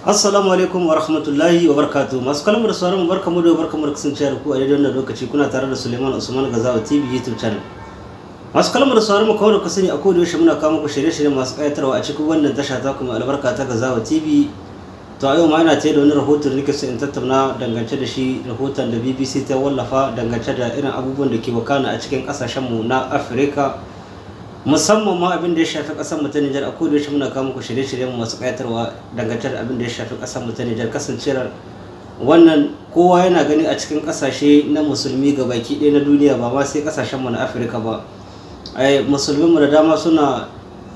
assalamu alaikum wa rahmatullahi wa barkatu masu kalmar da sauran barka mu da barka mu da kasance ku a daidai wannan lokaci kuna tare da Suleiman Usman Gazawa TV YouTube channel masu kalmar da sauran mu kawai da ku sani a koda yaushe muna kawo muku shirye-shirye masu kayatarwa a cikin wannan tasha ta kuma albarka ta Gazawa TV to a yau ma ina tayar da wani rahoton nake so in tattauna dangance da shi rahoton da BBC ta wallafa dangance da irin abubuwan da ke wakana a cikin kasashen mu na Afirka musamman ma abin da ya shafi kasar mu ta Nijar a shi muna kawo muku shirye-shiryen masu kayatarwa dangantar abin da ya shafi kasar mu ta Nijar kasancewar wannan kowa yana gani a cikin kasashe na musulmi ga baki ɗaya na duniya ba ma sai kasashen mu na Afirka ba ai musulmin mu da dama suna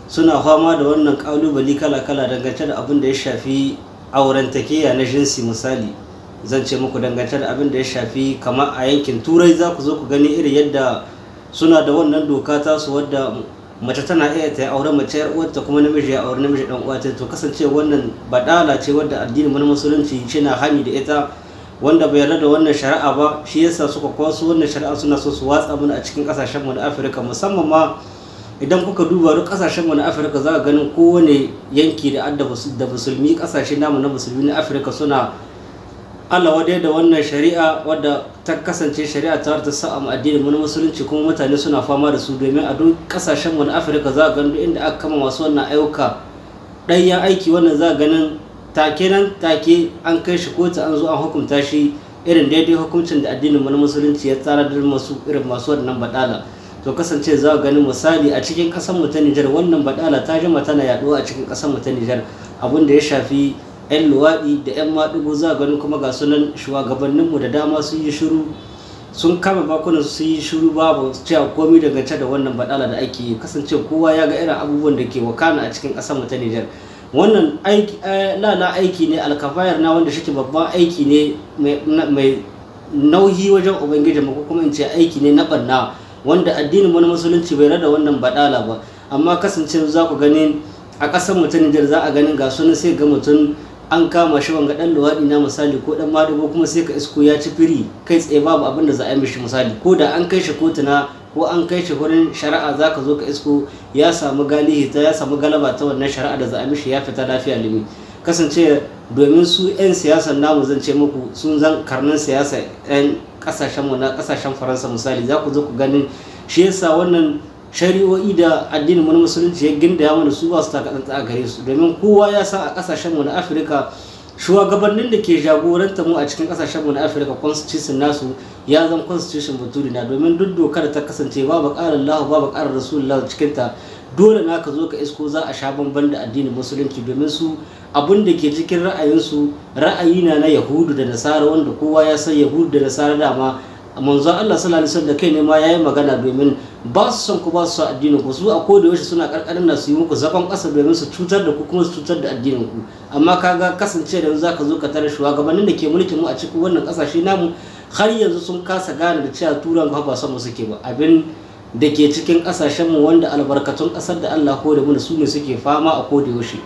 suna fama da wannan kalubali kala-kala dangantar da abin da ya shafi aurantakeya na jinsi misali zan ce muku dangantar abin da ya shafi kamar a yankin turai za ku zo ku gani irin yadda suna da wannan doka ta su wadda mace tana iya ta aure mace yar uwarta kuma namiji ya aure namiji dan uwa to kasance wannan badala ce wadda addinin mu musulunci shi na hani da ita wanda bai yarda da wannan shari'a ba shi yasa suka kwaso wannan shari'a suna so su watsa mana a cikin kasashen mu na Afirka musamman ma idan kuka duba duk kasashen mu na Afirka za ka ganin kowane yanki da adda musulmi kasashe namu na musulmi na Afirka suna Allah wadai da wannan shari'a wadda ta kasance shari'a ta ta sa a addinin mu musulunci kuma mutane suna fama da su domin a duk kasashen mu na Afirka za ga duk inda aka kama masu wannan ayyuka ɗanyen aiki wannan za ganin take nan take an kai shi kotu an zo an hukunta shi irin daidai hukuncin da addinin mu musulunci ya tsara da masu irin masu wannan badala to kasance za ga ganin misali a cikin kasar mu ta Nijar wannan badala ta jima tana yaduwa a cikin kasar mu ta Nijar abin da ya shafi 'yan luwaɗi da 'yan maɗigo za ganin kuma ga sunan shugabanninmu da dama sun yi shiru sun kama bakunan sun yi shiru babu cewa komai dangance da wannan badala da ake yi kasance kowa ya ga irin abubuwan da ke wakana a cikin ƙasar mu ta Nijar wannan aiki eh, lana aiki ne alkafayar na wanda shike babban aiki ne mai nauyi wajen ubangiji mu kuma in ce aiki ne na banna wanda addinin mu na musulunci bai rada wannan badala ba amma kasance za ku gani a ƙasar mu ta Nijar za a ganin ga sunan sai ga mutum an kama shi wanga dan luwaɗi na misali ko dan madubo kuma sai ka isko ya ci firi kai tsaye babu abin da za a yi mishi misali ko da an kai shi kotuna ko an kai shi wurin shari'a za ka zo ka isko ya samu galihi ta ya samu galaba ta wannan shari'a da za a mishi ya fita lafiya limi kasance domin su 'yan siyasar namu zan ce muku sun zan karnin siyasa 'yan kasashen na kasashen faransa misali za ku zo ku ganin shi yasa wannan shari'o'i da addinin wani musulunci ya gindaya mana su ba su taka tsantsa a gare su domin kowa ya san a kasashenmu na afirka shugabannin da ke jagoranta mu a cikin kasashenmu na afirka constitution nasu ya zan constitution baturi na domin duk dokar ta kasance babu ƙarar lahu babu karin rasulullah cikin ta dole na ka zo ka isko za a sha bamban da addinin musulunci domin su abun da ke cikin ra'ayinsu ra'ayi na na yahudu da nasara wanda kowa ya san yahudu da nasara dama manzo allah sallallahu alaihi wasallam da kai ne ma yayi magana domin ba su son ku ba su addinin ku su a koda yaushe suna karkarin da su yi muku zafan kasa domin su cutar da ku kuma su cutar da addinin ku amma kaga kasance da za ka zo ka tare shugabannin da ke mulkin mu a cikin wannan kasashe namu har yanzu sun kasa gane da cewa turan ba son mu suke ba abin da ke cikin kasashen mu wanda albarkatun kasar da Allah ko da mu su ne suke fama a koda yaushe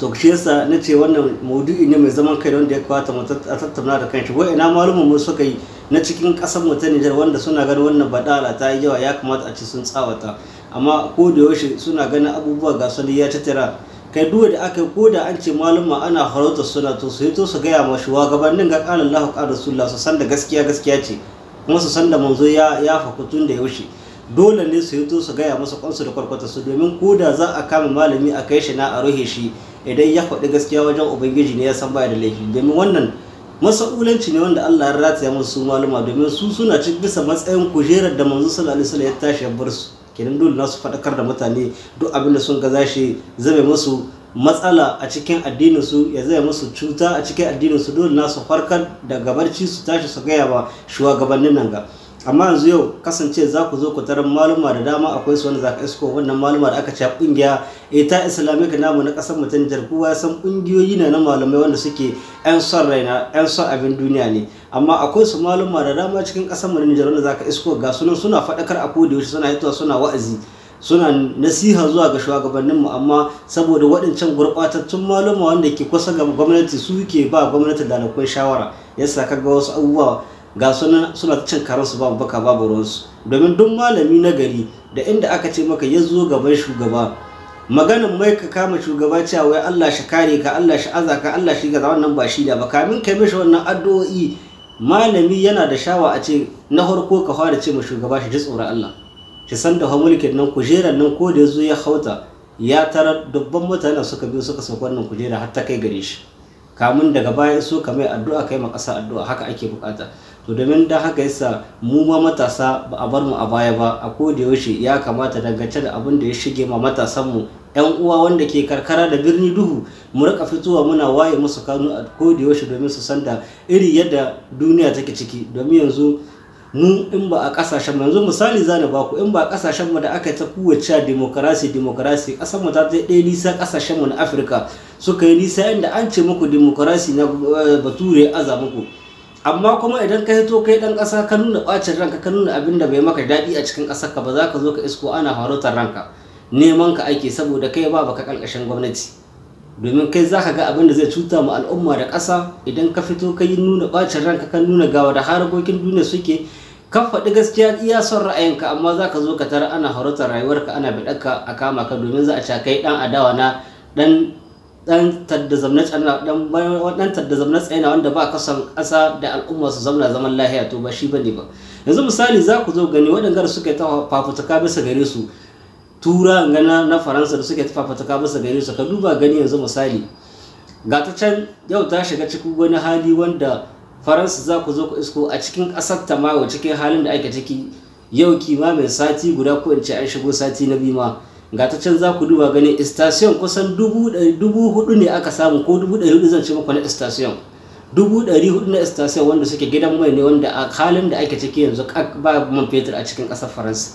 to shi yasa na ce wannan maudu'i ne mai zaman kai wanda ya kwata mu tattauna da kanshi wai ina malumin mu suka yi na cikin kasan mu ta Nijar wanda suna ganin wannan badala ta yi yawa ya kamata a ci sun tsawata amma ko da yaushe suna ganin abubuwa ga su ya tattara kai duwa da aka yi ko da an ce malama ana harauta suna to su to su gaya ma gabanin ga ƙarin lahu ƙa rasulullah su san da gaskiya gaskiya ce kuma su san da manzo ya ya da yaushe dole ne su yi to su gaya masa kwansu da kwarkwata su domin ko da za a kama malami a kai shi na a rohe shi idan ya faɗi gaskiya wajen ubangiji ne ya san baya da laifi domin wannan masa'ulanci ne wanda Allah ya rataya musu su maluma domin su suna cikin bisa matsayin kujerar da manzo sallallahu alaihi wasallam ya tashi ya bar su kenan dole nasu fadakar da mutane duk abin da sun ga zashi zame musu matsala a cikin addinin su ya zai musu cuta a cikin addinin su dole nasu farkar da gabarci su tashi su gaya wa shugabannin nan ga amma yanzu yau kasance za ku zo ku taron maluma da dama akwai su wanda za ka isko wannan maluma da aka ce kungiya ita eh, islamic namu na kasar mutum jar kowa san kungiyoyi ne na malamai wanda suke yan son raina yan son abin duniya ne amma akwai su maluma da dama cikin kasar mu jar wanda za ka isko ga sunan suna faɗakar a kodi yaushe suna hitowa suna wa'azi suna nasiha zuwa ga shugabanninmu amma saboda waɗancan gurɓatattun maluma wanda ke kusa ga gwamnati su ke ba gwamnati da shawara yasa kaga wasu abubuwa ga suna suna cin karansu babu baka babu ruwansu domin duk malami na gari da inda aka ce maka ya zo gaban shugaba maganin mai ka kama shugaba cewa wai Allah shi kare ka Allah shi aza ka Allah shi gaza wannan ba shi da ba kamin kai mishi wannan addu'o'i malami yana da shawa a ce na farko ka fara ce ma shugaba shi ji tsoron Allah shi san da mulkin nan kujerar nan ko da ya zo ya hauta ya tara dubban mutane suka bi suka sauka wannan kujera har ta kai gare shi kamun daga baya so ka mai addu'a kai ma ƙasa addu'a haka ake bukata to domin da haka yasa mu ma matasa ba a bar mu a baya ba a koda yaushe ya kamata dangance da abin da ya shige ma matasan mu yan uwa wanda ke karkara da birni duhu mu rika fitowa muna waye musu kanu a koda yaushe domin su san da iri yadda duniya take ciki domin yanzu mu in ba a kasashen yanzu misali zani baku in ba a kasashen mu da aka ta kowace demokarasi demokarasi kasar mu ta ta ɗaya nisa kasashen mu na afirka suka yi nisa inda an ce muku demokarasi na eh, bature aza muku amma kuma idan ka hito kai dan ƙasa ka nuna ɓacin ranka ka nuna abin da bai maka daɗi a cikin ƙasar ka ba za ka zo ka isko ana farautar ranka neman ka aiki saboda kai ba baka ƙarƙashin gwamnati domin kai za ka ga abin da zai cuta ma al'umma da ƙasa idan ka fito ka yi nuna ɓacin ranka ka nuna gawa da harkokin duniya suke ka faɗi gaskiya iya son ra'ayinka amma za ka zo ka tara ana farautar rayuwarka ana biɗarka a kama ka domin za a ca kai ɗan adawa na ɗan dan tadda zamna tsana dan wanda ba kasan ƙasa da al'umma su zamna zaman lahiya to ba shi bane ba yanzu misali za ku zo gani waɗanda suka ta fafutuka bisa gare su tura gana na faransa da suke ta fafutuka bisa gare su ka duba gani yanzu misali ga ta can yau ta shiga cikin wani hali wanda faransa za ku zo ku isko a cikin ƙasar wa cikin halin da ake ciki yau kima mai sati guda ko in ce an shigo sati na ma ga ta can za ku duba gani station kusan dubu hudu ne aka samu ko dubu ɗari hudu zan ce maka na station dubu ɗari hudu na station wanda suke gidan mai ne wanda a halin da ake ciki yanzu ba man fetur a cikin ƙasar faransa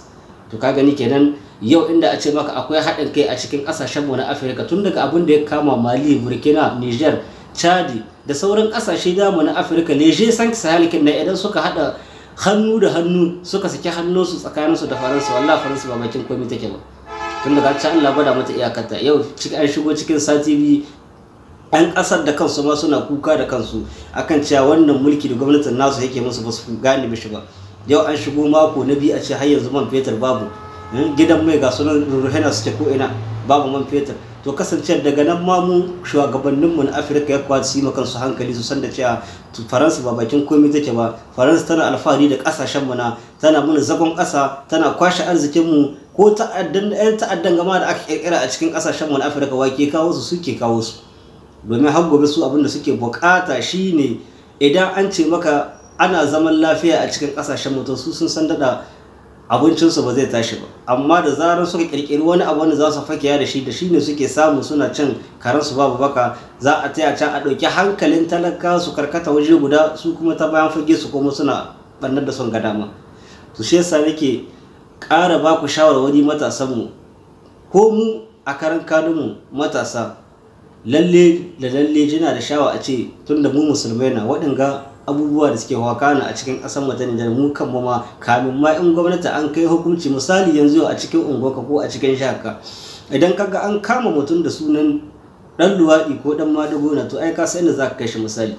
to ka gani kenan yau inda a ce maka akwai haɗin kai a cikin ƙasashen mu na afirka tun daga abin da ya kama mali burkina niger chadi da sauran ƙasashe damu na afirka leje sanki sahel na idan suka haɗa hannu da hannu suka saki hannunsu tsakaninsu da faransa wallah faransa ba bakin komai take ba tun da ci Allah bada mata iyakarta yau an shigo cikin sati biyu ɗan ƙasar da kansu ma suna kuka da kansu akan cewa wannan mulki da gwamnatin nasu yake musu ba su gane mishi ba yau an shigo mako na biyu a ce har yanzu man fetur babu hmm, gidan mai ga sunan ruhena suke ko ina babu man fetur to kasance daga nan ma mu shugabanninmu na afirka ya kwata su yi kansu hankali su san da cewa faransa ba bakin komai take ba faransa tana alfahari da kasashenmu na tana mana zagon kasa tana kwashe arzikinmu ko ta'addan yan ta'addan gama da aka kirkira a cikin kasashen mu na Afirka wa kawo su suke kawo su domin har gobe su abin da suke bukata shine idan an ce maka ana zaman lafiya a cikin kasashen mu to su sun san dada abincinsu ba zai tashi ba amma da zarar suka kirkiri wani abu wanda za su fakiya da shi da shi ne suke samu suna cin karansu babu baka za a taya can a ɗauki hankalin talaka su karkata waje guda su kuma ta bayan fage su kuma suna ɓannar da son ga dama to shi yasa nake ƙara ba ku shawarwari matasanmu ko mu a karan kanunmu matasa lalle da lalle jina da shawa a ce tun da mu musulmai na waɗanga abubuwa da suke wakana a cikin ƙasar mu da mu kan ma kamin ma in gwamnati an kai hukunci misali yanzu a cikin unguwarka ko a cikin shaka idan kaga an kama mutum da sunan ɗan luwaɗi ko ɗan madugo na to ai ka sai da za ka kai shi misali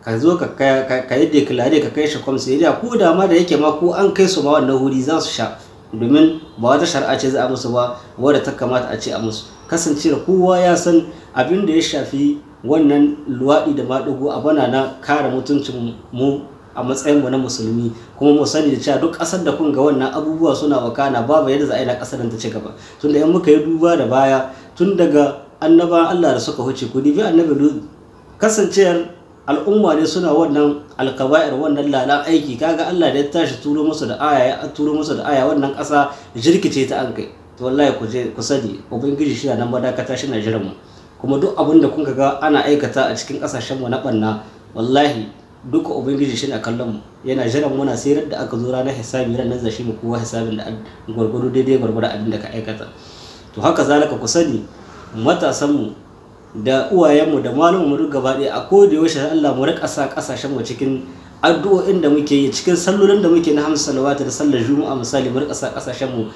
ka zo ka yi declare ka kai shi kwamsiriya ko da ma da yake ma ko an kai su ma wannan wuri za su sha domin ba wata shari'a ce za a musu ba wadda ta kamata a ce a musu kasance da kowa ya san abin da ya shafi wannan luwaɗi da maɗigo a bana na kare mutuncin mu a matsayinmu na musulmi kuma mu sani da cewa duk ƙasar da kun ga wannan abubuwa suna wakana babu yadda za a yi na ƙasar ta ci gaba tunda in muka yi duba da baya tun daga annaba Allah da suka huce ku dibi annabi kasancewar al'umma ne suna wannan alkaba'ir wannan lala aiki kaga Allah da ya tashi turo masa da aya ya turo masa da aya wannan ƙasa jirkice ta an kai to wallahi ku je ku sani ubangiji shi nan madakata shi na jiran mu kuma duk abin da kun ga ana aikata a cikin ƙasashen mu na banna wallahi duka ubangiji shi na kallon mu yana jiran muna sayar da aka zo ranar hisabi ranar zashi mu kowa hisabin da gwargwado daidai gwargwado abin da ka aikata to haka zalika ku sani matasan mu da uwayenmu da malumanmu duk gaba ɗaya a koda yaushe Allah mu rika sa kasashen mu cikin addu'o'in da muke yi cikin sallolin da muke na hamsa salawata da sallar juma'a misali mu rika sa kasashen mu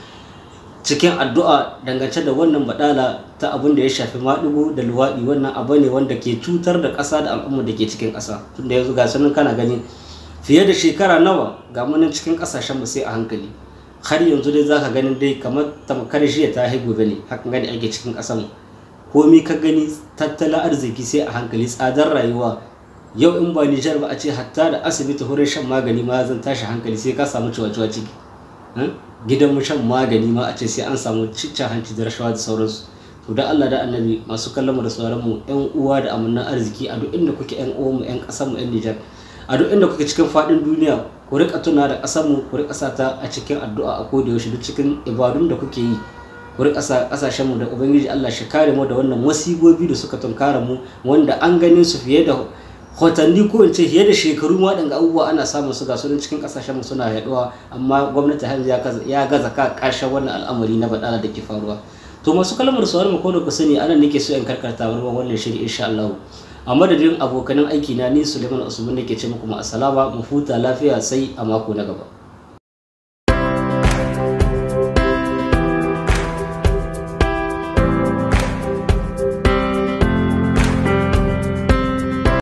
cikin addu'a dangance da wannan badala ta abin da ya shafi maɗigo da luwaɗi wannan abu ne wanda ke cutar da ƙasa da al'umma da ke cikin ƙasa tun da yanzu ga sanin kana gani fiye da shekara nawa ga munin cikin ƙasashen mu sai a hankali har yanzu dai zaka ganin dai kamar tamkar jiya ta haihu bane hakan gani ake cikin ƙasar mu komi ka gani tattalin arziki sai a hankali tsadar rayuwa yau in ba nijar ba a ce hatta da asibiti wurin shan magani ma zan tashi hankali sai ka samu ciwaciwa ciki hm? gidan shan magani ma a ce sai an samu cicca hanci da rashawa da sauransu to da Allah da annabi masu kallon mu da sauran mu yan uwa da amannan arziki a duk inda kuke yan uwa mu yan kasar mu yan Nijar a duk inda kuke cikin fadin duniya ku rika tuna da kasar mu ku rika sata a cikin addu'a a koda yaushe duk cikin ibadun da kuke yi wurin ƙasashen mu da ubangiji Allah shi kare mu da wannan wasigobi da suka tunkara mu wanda an ganin su fiye da hotanni ko in ce fiye da shekaru ma waɗanda abubuwa ana samun su ga sunan cikin ƙasashen mu suna yaduwa amma gwamnati har ya gaza ka ƙarshen wannan al'amari na baɗala da ke faruwa to masu kalmar su mu ko da ku sani anan nake so in karkarta wurin wannan shiri insha Allah a madadin abokanan aiki na ni Suleiman Usman nake ce muku ma assalama mu huta lafiya sai a mako na gaba